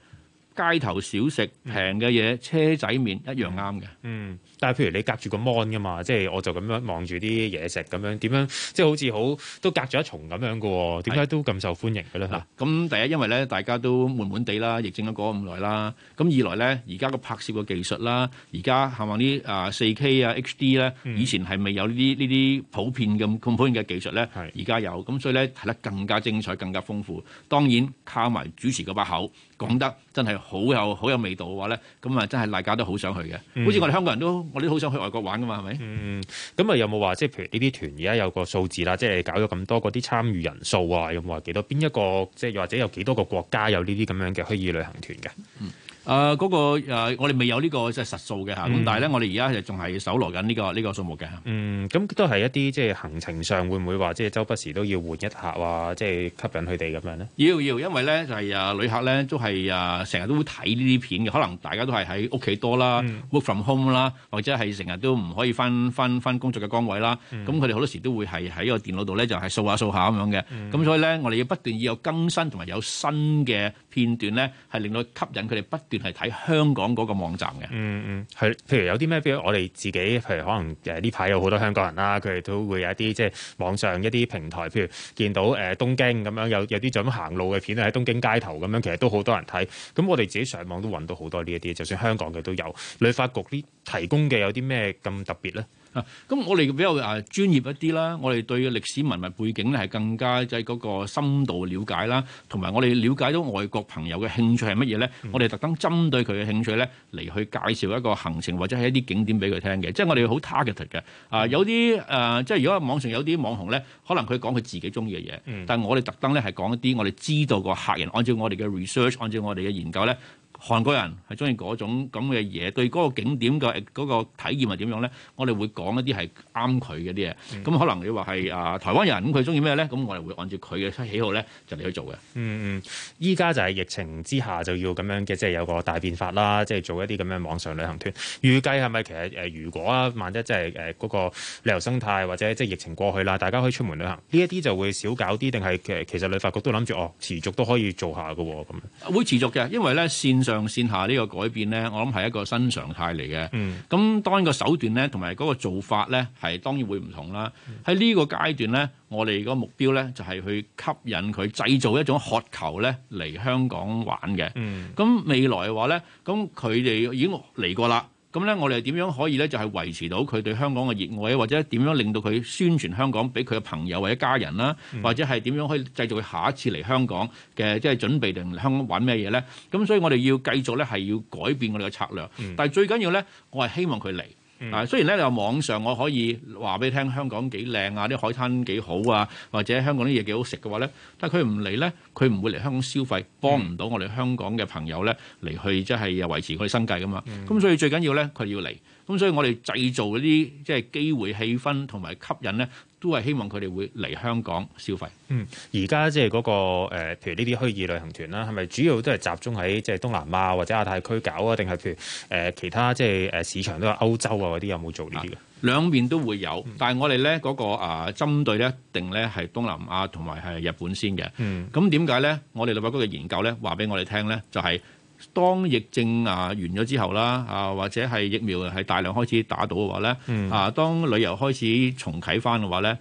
嘢，街頭小食平嘅嘢，車仔麵一樣啱嘅。嗯。嗯但係譬如你隔住個 mon 㗎嘛，即係我就咁樣望住啲嘢食咁樣，點樣即係好似好都隔住一重咁樣嘅喎？點解都咁受歡迎嘅咧？嗱是，咁第一因為咧大家都悶悶地啦，疫症都過咗咁耐啦。咁二來咧，而家個拍攝嘅技術啦，而家係咪啲啊 4K 啊 HD 咧？以前係未有呢啲呢啲普遍咁咁普遍嘅技術咧？而家、嗯、有，咁所以咧睇得更加精彩、更加豐富。當然靠埋主持嗰把口講得真係好有好有味道嘅話咧，咁啊真係大家都好想去嘅。嗯、好似我哋香港人都～我哋都好想去外國玩噶嘛，係咪？嗯，咁啊有冇話即係譬如呢啲團而家有個數字啦，即係搞咗咁多嗰啲參與人數啊，有冇話幾多？邊一個即係又或者有幾多個國家有呢啲咁樣嘅虛擬旅行團嘅？嗯。誒嗰個誒，我哋未有呢個即係實數嘅嚇，咁但係咧，我哋而家仲係搜羅緊呢個呢個數目嘅。嗯，咁都係一啲即係行程上會唔會話即係周不時都要換一下，話即係吸引佢哋咁樣呢？要要，因為咧就係啊，旅客咧都係啊，成日都會睇呢啲片嘅，可能大家都係喺屋企多啦，work from home 啦，或者係成日都唔可以翻翻翻工作嘅崗位啦。咁佢哋好多時都會係喺個電腦度咧，就係掃下掃下咁樣嘅。咁所以咧，我哋要不斷要有更新同埋有新嘅。片段咧係令到吸引佢哋不斷係睇香港嗰個網站嘅。嗯嗯，係，譬如有啲咩？譬如我哋自己，譬如可能誒呢排有好多香港人啦，佢哋都會有一啲即係網上一啲平台，譬如見到誒、呃、東京咁樣有有啲就咁行路嘅片喺東京街頭咁樣，其實都好多人睇。咁我哋自己上網都揾到好多呢一啲，就算香港嘅都有。旅發局啲提供嘅有啲咩咁特別咧？啊！咁我哋比較啊專業一啲啦，我哋對歷史文物背景咧係更加即係嗰個深度了解啦，同埋我哋了解到外國朋友嘅興趣係乜嘢咧，嗯、我哋特登針對佢嘅興趣咧嚟去介紹一個行程或者係一啲景點俾佢聽嘅、就是呃，即係我哋好 target 嘅。啊，有啲誒，即係如果網上有啲網紅咧，可能佢講佢自己中意嘅嘢，嗯、但我哋特登咧係講一啲我哋知道個客人按照我哋嘅 research，按照我哋嘅研究咧。韓國人係中意嗰種咁嘅嘢，對嗰個景點嘅嗰、那個體驗係點樣咧？我哋會講一啲係啱佢嘅啲嘢。咁、嗯、可能你話係啊，台灣人咁佢中意咩咧？咁我哋會按照佢嘅喜好咧，就嚟去做嘅。嗯嗯，依家就係疫情之下就要咁樣嘅，即、就、係、是、有個大變法啦，即、就、係、是、做一啲咁嘅網上旅行團。預計係咪其實誒、呃？如果啊萬一即係誒嗰個旅遊生態或者即係疫情過去啦，大家可以出門旅行，呢一啲就會少搞啲，定係其實其實旅發局都諗住哦，持續都可以做下㗎喎。咁會持續嘅，因為咧線上。上線下呢個改變呢，我諗係一個新常態嚟嘅。咁、嗯、當然個手段呢，同埋嗰個做法呢，係當然會唔同啦。喺呢個階段呢，我哋個目標呢，就係去吸引佢製造一種渴求呢嚟香港玩嘅。咁、嗯、未來嘅話呢，咁佢哋已經嚟過啦。咁咧，我哋點樣可以咧，就係維持到佢對香港嘅熱愛，或者點樣令到佢宣傳香港，俾佢嘅朋友或者家人啦，嗯、或者係點樣可以製造佢下一次嚟香港嘅即係準備定香港玩咩嘢咧？咁所以我哋要繼續咧係要改變我哋嘅策略，嗯、但係最緊要咧，我係希望佢嚟。啊，雖然咧喺網上我可以話俾你聽香港幾靚啊，啲海灘幾好啊，或者香港啲嘢幾好食嘅話咧，但係佢唔嚟咧，佢唔會嚟香港消費，幫唔到我哋香港嘅朋友咧嚟去即係維持佢哋生計噶嘛。咁所以最緊要咧佢要嚟，咁所以我哋製造啲即係機會氣氛同埋吸引咧。都係希望佢哋會嚟香港消費。嗯，而家即係嗰個、呃、譬如呢啲虛擬旅行團啦，係咪主要都係集中喺即係東南亞或者亞太區搞啊？定係譬如誒、呃、其他即係誒市場都有歐洲啊嗰啲有冇做呢啲嘅？兩面都會有，嗯、但係我哋咧嗰個啊、呃、針對一定咧係東南亞同埋係日本先嘅。嗯，咁點解咧？我哋旅遊局嘅研究咧，話俾我哋聽咧，就係、是。當疫症啊完咗之後啦，啊或者係疫苗係大量開始打到嘅話咧，嗯、啊當旅遊開始重啟翻嘅話咧，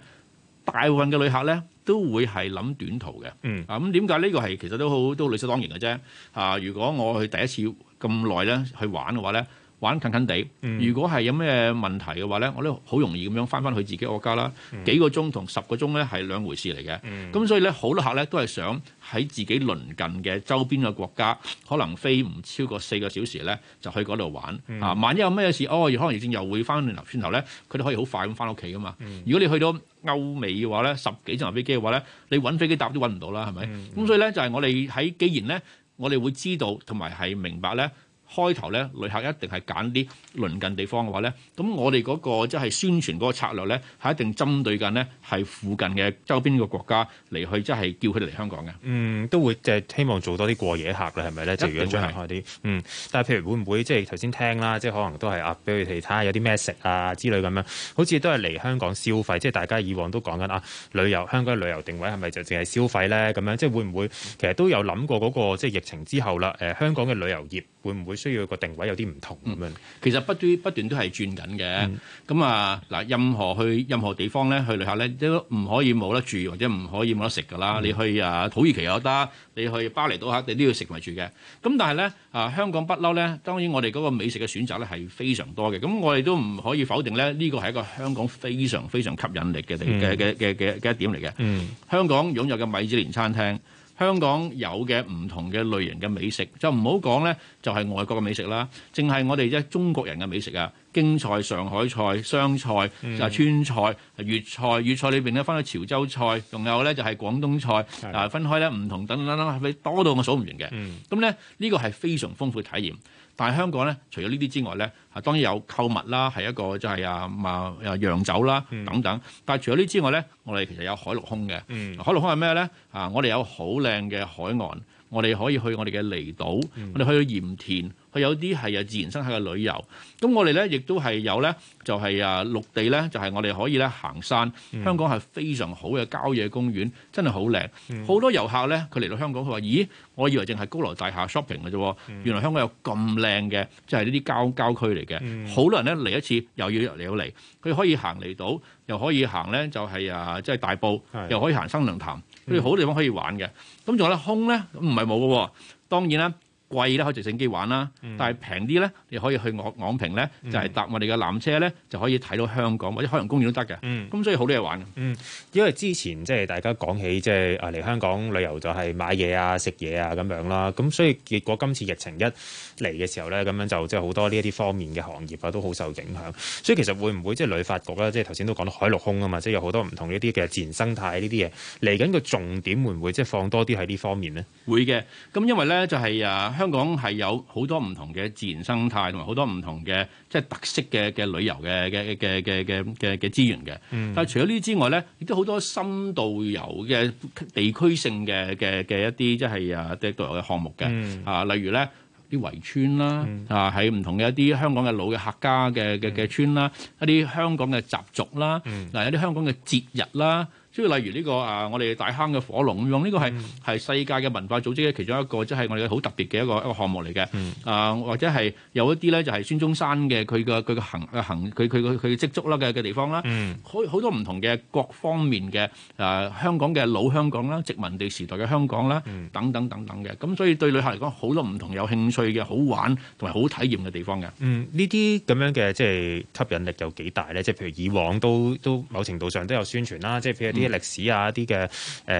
大部分嘅旅客咧都會係諗短途嘅。嗯、啊咁點解呢、呢個係其實都好都理所當然嘅啫。啊，如果我去第一次咁耐咧去玩嘅話咧。玩近近地，如果係有咩問題嘅話咧，我都好容易咁樣翻翻去自己國家啦。幾個鐘同十個鐘咧係兩回事嚟嘅。咁、嗯、所以咧，好多客咧都係想喺自己鄰近嘅周邊嘅國家，可能飛唔超過四個小時咧，就去嗰度玩。嗯、啊，萬一有咩事，哦，可能正又會翻轉頭咧，佢都可以好快咁翻屋企㗎嘛。嗯、如果你去到歐美嘅話咧，十幾張飛機嘅話咧，你揾飛機搭都揾唔到啦，係咪？咁、嗯嗯、所以咧，就係、是、我哋喺既然咧，我哋會知道同埋係明白咧。開頭咧，旅客一定係揀啲鄰近地方嘅話咧，咁我哋嗰個即係宣傳嗰個策略咧，係一定針對緊呢，係附近嘅周邊嘅國家嚟去，即係叫佢哋嚟香港嘅。嗯，都會即係希望做多啲過夜客啦，係咪咧？就如果張開啲，嗯。但係譬如會唔會即係頭先聽啦，即係可能都係啊，畀佢哋睇下有啲咩食啊之類咁樣，好似都係嚟香港消費，即係大家以往都講緊啊旅遊香港旅遊定位係咪就淨係消費咧？咁樣即係會唔會其實都有諗過嗰個即係疫情之後啦？誒，香港嘅旅遊業會唔會？需要個定位有啲唔同咁樣，嗯，其實不斷不斷都係轉緊嘅。咁啊嗱，任何去任何地方咧，去旅行咧都唔可以冇得住，或者唔可以冇得食噶啦。嗯、你去啊土耳其又得，你去巴厘島嚇，你都要食埋住嘅。咁、嗯、但係咧啊，香港不嬲咧，當然我哋嗰個美食嘅選擇咧係非常多嘅。咁我哋都唔可以否定咧，呢個係一個香港非常非常吸引力嘅嘅嘅嘅嘅一點嚟嘅。嗯、香港擁有嘅米芝蓮餐廳。香港有嘅唔同嘅類型嘅美食，就唔好講呢，就係外國嘅美食啦，淨係我哋即中國人嘅美食啊，京菜、上海菜、湘菜、啊川、嗯、菜、粵菜，粵菜裏邊呢，分去潮州菜，仲有呢，就係廣東菜，啊分開呢，唔同等等等等，多到我數唔完嘅。咁呢、嗯，呢個係非常豐富嘅體驗。但係香港咧，除咗呢啲之外咧，啊當然有購物啦，係一個就係啊嘛啊洋酒啦等等。但係除咗呢啲之外咧，我哋其實有海陸空嘅、嗯啊。海陸空係咩咧？啊，我哋有好靚嘅海岸。我哋可以去我哋嘅離島，我哋去到鹽田，佢有啲係啊自然生態嘅旅遊。咁我哋咧亦都係有咧，就係、是、啊陸地咧，就係、是、我哋可以咧行山。香港係非常好嘅郊野公園，真係好靚。好、嗯、多遊客咧，佢嚟到香港，佢話：咦，我以為淨係高樓大廈 shopping 嘅啫，原來香港有咁靚嘅，就係呢啲郊郊區嚟嘅。好、嗯、多人咧嚟一次又要嚟到嚟，佢可以行離島，又可以行咧就係啊即係、就是、大埔，又可以行新娘潭。的譬如好多地方可以玩嘅，咁、嗯、仲有咧空咧，唔係冇嘅喎。當然啦。貴咧可以直升機玩啦，嗯、但係平啲咧，你可以去昂坪咧，就係、是、搭我哋嘅纜車咧，就可以睇到香港、嗯、或者海洋公園都得嘅。咁、嗯、所以好多嘢玩。嗯，因為之前即係大家講起即係啊嚟香港旅遊就係買嘢啊、食嘢啊咁樣啦，咁所以結果今次疫情一嚟嘅時候咧，咁樣就即係好多呢一啲方面嘅行業啊都好受影響。所以其實會唔會即係、就是、旅發局咧，即係頭先都講到海陸空啊嘛，即、就、係、是、有好多唔同呢啲嘅自然生態呢啲嘢嚟緊個重點會唔會即係放多啲喺呢方面咧？會嘅，咁因為咧就係、是、啊。香港係有好多唔同嘅自然生態，同埋好多唔同嘅即係特色嘅嘅旅遊嘅嘅嘅嘅嘅嘅嘅資源嘅。但係除咗呢啲之外咧，亦都好多深度遊嘅地區性嘅嘅嘅一啲即係啊嘅導遊嘅項目嘅啊，例如咧啲圍村啦啊，喺唔同嘅一啲香港嘅老嘅客家嘅嘅嘅村啦，一啲香港嘅習俗啦，嗱有啲香港嘅節日啦。即係例如呢、這個啊，我哋大坑嘅火龍咁樣，呢個係係世界嘅文化組織嘅其中一個，即、就、係、是、我哋嘅好特別嘅一個一個項目嚟嘅。啊、uh，或者係有一啲咧，就係、是、孫中山嘅佢嘅佢嘅行行佢佢嘅佢積蓄啦嘅嘅地方啦。好好、嗯、多唔同嘅各方面嘅啊，香港嘅老香港啦，殖民地時代嘅香港啦，等等等等嘅。咁、嗯、所以對旅客嚟講，好多唔同有興趣嘅好玩同埋好體驗嘅地方嘅。呢啲咁樣嘅即係吸引力有幾大咧？即係譬如以往都都，都某程度上都有宣傳啦，即係譬啲歷史啊，一啲嘅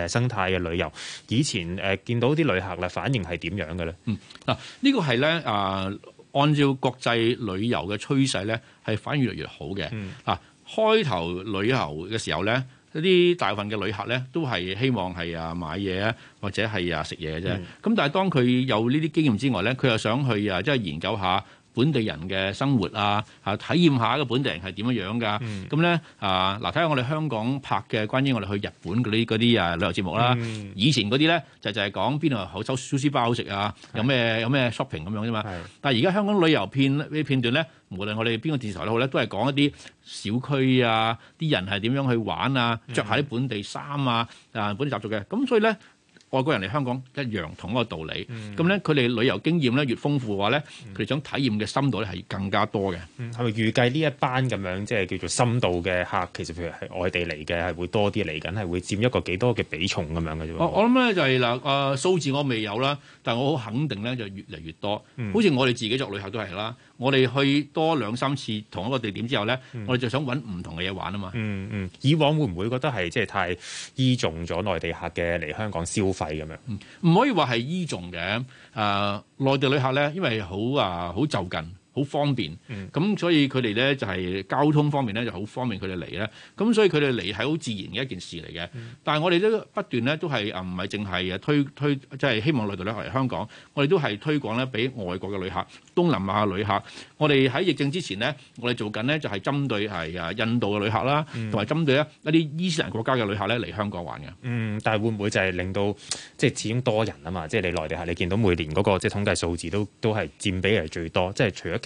誒生態嘅旅遊，以前誒見到啲旅客咧，反應係點樣嘅咧？嗯，嗱呢個係咧誒，按照國際旅遊嘅趨勢咧，係反而越嚟越好嘅。嗯，嗱開頭旅遊嘅時候咧，一啲大部分嘅旅客咧都係希望係啊買嘢或者係啊食嘢嘅啫。咁、嗯、但係當佢有呢啲經驗之外咧，佢又想去啊即係研究下。本地人嘅生活啊，嚇體驗下個本地人係點樣樣㗎？咁咧啊嗱，睇下、呃、我哋香港拍嘅關於我哋去日本嗰啲啲啊旅遊節目啦。嗯、以前嗰啲咧就就係講邊度好 sushi bar 好食啊，是有咩有咩 shopping 咁樣啫嘛。是但係而家香港旅遊片呢片段咧，無論我哋邊個電視台都好咧，都係講一啲小區啊，啲人係點樣去玩啊，着喺、嗯、本地衫啊，啊本地習俗嘅。咁所以咧。外國人嚟香港一樣同一個道理，咁咧佢哋旅遊經驗咧越豐富嘅話咧，佢哋想體驗嘅深度咧係更加多嘅。係咪、嗯、預計呢一班咁樣即係叫做深度嘅客，其實譬如係外地嚟嘅係會多啲嚟緊，係會佔一個幾多嘅比重咁樣嘅啫、嗯？我我諗咧就係、是、嗱，誒、呃、數字我未有啦，但我好肯定咧就越嚟越多。好似、嗯、我哋自己作旅客都係啦。我哋去多兩三次同一個地點之後咧，嗯、我哋就想揾唔同嘅嘢玩啊嘛、嗯嗯。以往會唔會覺得係即係太依重咗內地客嘅嚟香港消費咁樣？嗯、唔可以話係依重嘅。誒、呃，內地旅客咧，因為好啊，好、呃、就近。好方便，咁、嗯、所以佢哋咧就係、是、交通方面咧就好方便佢哋嚟咧，咁所以佢哋嚟係好自然嘅一件事嚟嘅。嗯、但係我哋都不斷咧都係誒唔係淨係推推即係、就是、希望內地旅客嚟香港，我哋都係推廣咧俾外國嘅旅客、東南亞旅客。我哋喺疫症之前呢，我哋做緊呢就係、是、針對係啊印度嘅旅客啦，同埋針對一啲伊斯蘭國家嘅旅客咧嚟香港玩嘅。嗯，但係會唔會就係令到即係始終多人啊嘛？即係你內地客，你見到每年嗰個即係統計數字都都係佔比係最多，即係除咗。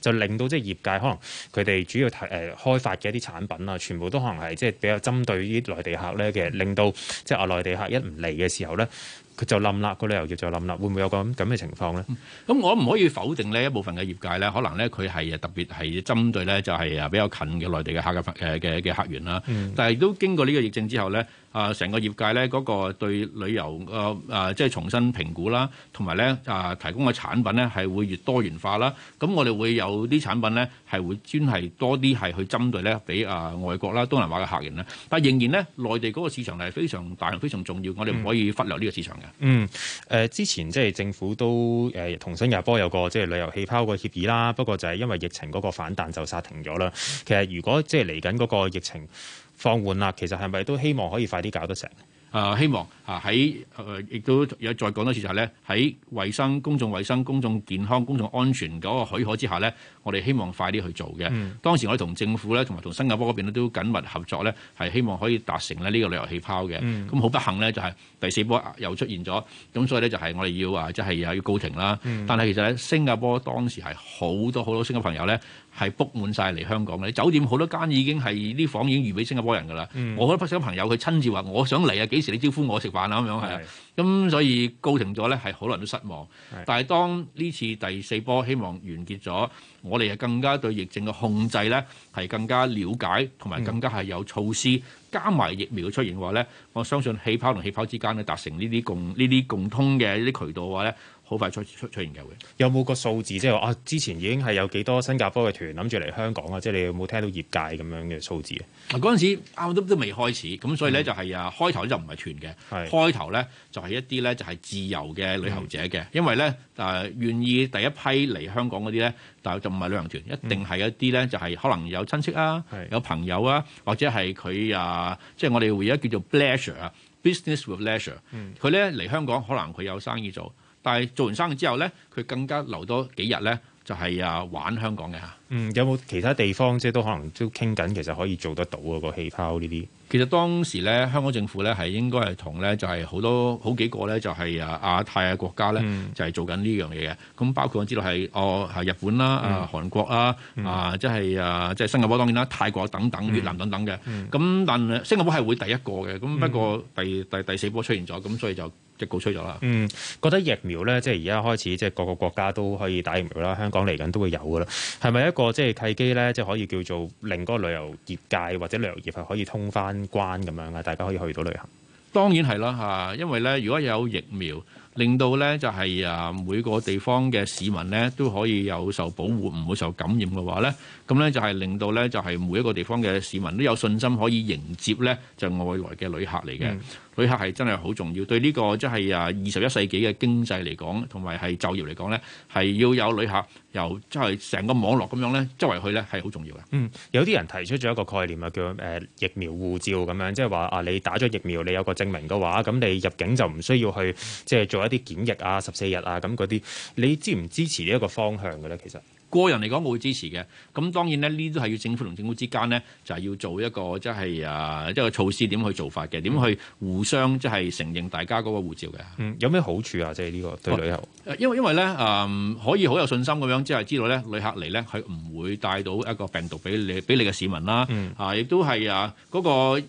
就令到即係業界可能佢哋主要誒開發嘅一啲產品啊，全部都可能係即係比較針對於內地客咧，其實令到即係阿內地客一唔嚟嘅時候咧。佢就冧啦，個旅遊業就冧啦，會唔會有個咁咁嘅情況咧？咁、嗯、我唔可以否定呢一部分嘅業界咧，可能咧佢係特別係針對咧，就係、是、啊比較近嘅內地嘅客嘅嘅嘅客源啦。嗯、但係亦都經過呢個疫症之後咧，啊、呃、成個業界咧嗰、那個對旅遊啊啊、呃、即係重新評估啦，同埋咧啊提供嘅產品咧係會越多元化啦。咁我哋會有啲產品咧係會專係多啲係去針對咧俾啊外國啦、東南亞嘅客人啦。但係仍然咧內地嗰個市場係非常大、非常重要，我哋唔可以忽略呢個市場嘅。嗯嗯，誒、呃、之前即係政府都誒、呃、同新加坡有個即係旅遊氣泡個協議啦，不過就係因為疫情嗰個反彈就煞停咗啦。其實如果即係嚟緊嗰個疫情放緩啦，其實係咪都希望可以快啲搞得成？誒、呃、希望啊喺誒亦都有再講多次就係咧喺衞生、公眾衞生、公眾健康、公眾安全嗰個許可之下咧，我哋希望快啲去做嘅。嗯、當時我哋同政府咧，同埋同新加坡嗰邊咧都緊密合作咧，係希望可以達成咧呢個旅遊氣泡嘅。咁好、嗯、不幸咧，就係第四波又出現咗，咁所以咧就係我哋要啊，即係又要告停啦。但係其實咧，新加坡當時係好多好多新加坡朋友咧。係 book 滿曬嚟香港嘅，酒店好多間已經係啲房已經預俾新加坡人㗎啦。嗯、我好多朋友佢親自話：我想嚟啊，幾時你招呼我食飯啊？咁樣係咁是、嗯、所以高停咗咧，係好多人都失望。是但係當呢次第四波希望完結咗，我哋係更加對疫症嘅控制咧係更加了解，同埋更加係有措施。嗯、加埋疫苗出現嘅話咧，我相信氣泡同氣泡之間咧達成呢啲共呢啲共通嘅一啲渠道嘅話咧。好快出出出現嘅會有冇個數字，即係話啊，之前已經係有幾多新加坡嘅團諗住嚟香港啊？即係你有冇聽到業界咁樣嘅數字啊？嗱，嗰陣時啱啱都未開始，咁所以咧、嗯、就係啊開頭就唔係團嘅，開頭咧就係、是、一啲咧就係自由嘅旅行者嘅，因為咧誒、呃、願意第一批嚟香港嗰啲咧，但係就唔係旅行團，一定係一啲咧就係可能有親戚啊，嗯、有朋友啊，或者係佢啊，即、就、係、是、我哋會而家叫做 pleasure business with leisure，佢咧嚟香港可能佢有生意做。但係做完生意之後咧，佢更加留多幾日咧，就係、是、啊玩香港嘅嚇。嗯，有冇其他地方即係都可能都傾緊，其實可以做得到啊、那個氣泡呢啲。其實當時咧，香港政府咧係應該係同咧就係、是、好多好幾個咧就係、是、啊亞太啊國家咧、嗯、就係做緊呢樣嘢嘅。咁包括我知道係哦係日本啦、啊、嗯、啊韓國啊、嗯、啊即係、就是、啊即係、就是、新加坡當然啦、泰國等等、越南等等嘅。咁、嗯嗯、但係新加坡係會第一個嘅。咁不過第第第四波出現咗，咁所以就。即告吹咗啦。嗯，覺得疫苗咧，即係而家開始，即係各個國家都可以打疫苗啦。香港嚟緊都會有噶啦。係咪一個即係契機咧，即係可以叫做令嗰旅遊業界或者旅遊業係可以通翻關咁樣啊？大家可以去到旅行。當然係啦嚇，因為咧，如果有疫苗，令到咧就係、是、啊每個地方嘅市民咧都可以有受保護，唔會受感染嘅話咧，咁咧就係令到咧就係、是、每一個地方嘅市民都有信心可以迎接咧就是、外來嘅旅客嚟嘅。嗯。旅客係真係好重要，對呢個即係啊二十一世紀嘅經濟嚟講，同埋係就業嚟講呢，係要有旅客由即係成個網絡咁樣呢，周圍去呢係好重要嘅。嗯，有啲人提出咗一個概念啊，叫誒、呃、疫苗護照咁樣，即係話啊你打咗疫苗，你有個證明嘅話，咁你入境就唔需要去即係做一啲檢疫啊、十四日啊咁嗰啲。你支唔支持呢一個方向嘅咧？其實？個人嚟講，我會支持嘅。咁當然咧，呢都係要政府同政府之間咧，就係要做一個即係啊一個措施點去做法嘅，點去互相即係承認大家嗰個護照嘅。嗯，有咩好處啊？即係呢個對旅遊。啊，因為因為咧啊，嗯，可以好有信心咁樣即係知道咧，旅客嚟咧佢唔會帶到一個病毒俾你俾你嘅市民啦。嗯，啊，亦都係啊嗰個。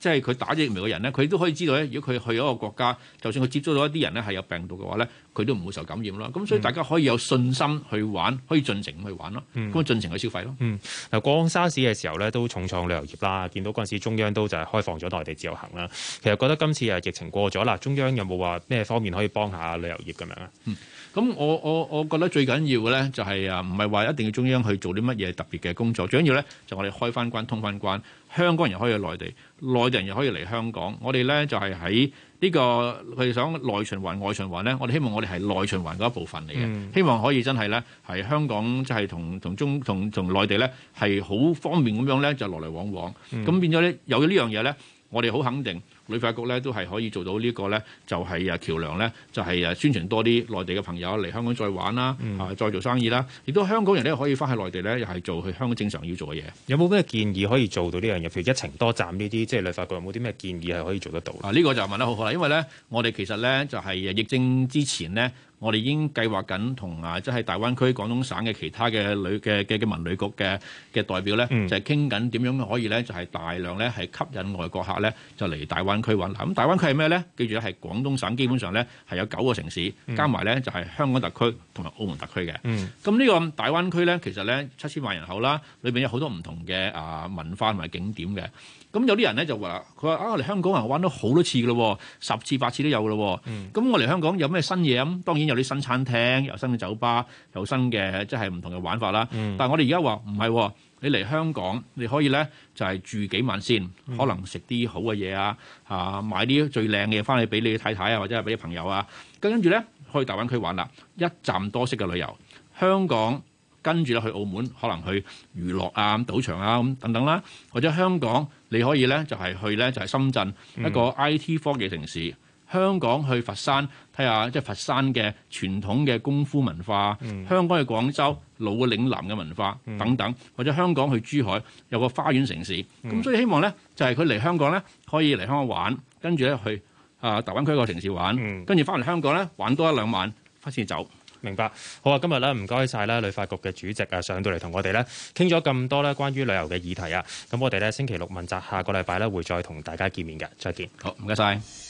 即係佢打疫苗嘅人咧，佢都可以知道咧。如果佢去一個國家，就算佢接觸到一啲人咧係有病毒嘅話咧，佢都唔會受感染啦。咁、嗯、所以大家可以有信心去玩，可以盡情去玩咯。咁盡情去消費咯。嗯，嗱，過往沙士嘅時候咧都重創旅遊業啦。見到嗰陣時中央都就係開放咗內地自由行啦。其實覺得今次啊疫情過咗啦，中央有冇話咩方面可以幫下旅遊業咁樣啊？嗯咁我我我覺得最緊要嘅咧就係啊，唔係話一定要中央去做啲乜嘢特別嘅工作，最緊要咧就我哋開翻關通翻關，香港人可以去內地，內地人又可以嚟香港。我哋咧就係喺呢個佢想內循環外循環咧，我哋希望我哋係內循環嗰一部分嚟嘅，嗯、希望可以真係咧係香港即係同同中同同內地咧係好方便咁樣咧就來來往往。咁、嗯、變咗咧有呢樣嘢咧，我哋好肯定。旅發局咧都係可以做到個呢個咧，就係、是、啊橋梁咧，就係、是、啊宣傳多啲內地嘅朋友嚟香港再玩啦，嗯、啊再做生意啦，亦都香港人咧可以翻去內地咧，又係做佢香港正常要做嘅嘢。有冇咩建議可以做到呢樣嘢？譬如一程多站呢啲，即係旅發局有冇啲咩建議係可以做得到？啊，呢、這個就問得好好啦，因為咧，我哋其實咧就係、是、疫症之前咧。我哋已經計劃緊同啊，即係大灣區廣東省嘅其他嘅旅嘅嘅嘅文旅局嘅嘅代表咧，嗯、就係傾緊點樣可以咧，就係大量咧係吸引外國客咧就嚟大灣區玩。咁大灣區係咩咧？記住咧，係廣東省基本上咧係有九個城市，加埋咧就係香港特區同埋澳門特區嘅。咁呢、嗯、個大灣區咧，其實咧七千萬人口啦，裏邊有好多唔同嘅啊文化同埋景點嘅。咁有啲人咧就話，佢話啊我嚟香港啊玩咗好多次噶咯，十次八次都有噶咯。咁我嚟香港有咩新嘢咁？當然。有啲新餐廳，有新嘅酒吧，有新嘅即係唔同嘅玩法啦。嗯、但係我哋而家話唔係，你嚟香港你可以咧就係、是、住幾晚先，可能食啲好嘅嘢啊，嚇、啊、買啲最靚嘅嘢翻去俾你睇睇啊，或者係俾啲朋友啊。跟住咧去大灣區玩啦，一站多式嘅旅遊。香港跟住咧去澳門，可能去娛樂啊、賭場啊咁等等啦。或者香港你可以咧就係、是、去咧就係、是、深圳一個 I T 科技城市。嗯香港去佛山睇下，即係佛山嘅傳統嘅功夫文化。嗯、香港去廣州老嶺南嘅文化等等，或者香港去珠海有個花園城市。咁、嗯、所以希望呢，就係佢嚟香港呢，可以嚟香港玩，跟住咧去啊、呃，台灣區大灣區一個城市玩，跟住翻嚟香港呢，玩多一兩晚，先走。明白好啊！今日咧唔該晒啦，旅發局嘅主席啊，上到嚟同我哋呢，傾咗咁多呢關於旅遊嘅議題啊。咁我哋呢，星期六問責，下個禮拜呢，會再同大家見面嘅，再見。好唔該晒。謝謝。